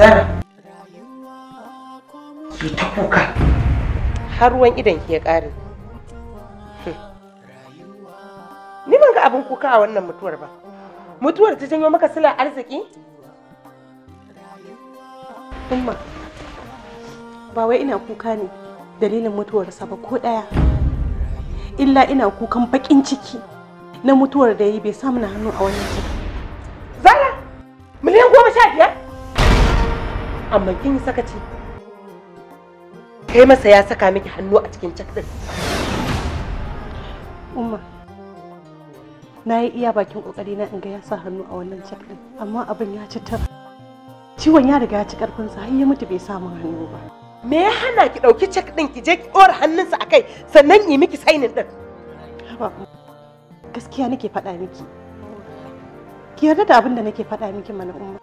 Zara. Ki ta kuka. Har ruwan idan ki ya ƙare. Hm. Ni ban ga abin kuka a wannan mutuwar ba. Mutuwar ta janyo maka sila arziki? Umma, ba wai ina kuka ne dalilin mutuwarsa ba ko ɗaya. Illa ina kukan baƙin ciki na mutuwar da ya yi bai samu na hannu a wannan ciki. amma kin yi sakaci kai masa ya saka miki hannu a cikin cak din umma na yi iya bakin kokari na in ga ya sa hannu a wannan cak din amma abin ya ci tar ciwon ya riga ya ci karfin sa har ya mutu bai samu hannu ba me ya hana ki dauki cak din ki je ki dora hannunsa akai sannan yi miki sainin din gaskiya nake faɗa miki ki yarda da abin da nake faɗa miki mana umma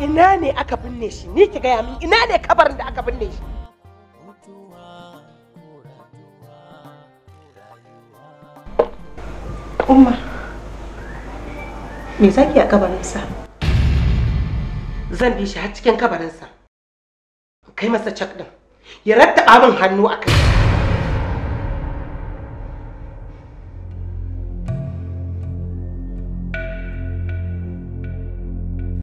ina ne aka binne shi ni ki gaya min ina ne kabarin da aka binne shi umma me zaki a kabarinsa zan bi shi har cikin kabarinsa kai masa cak din ya rattaba min hannu a kai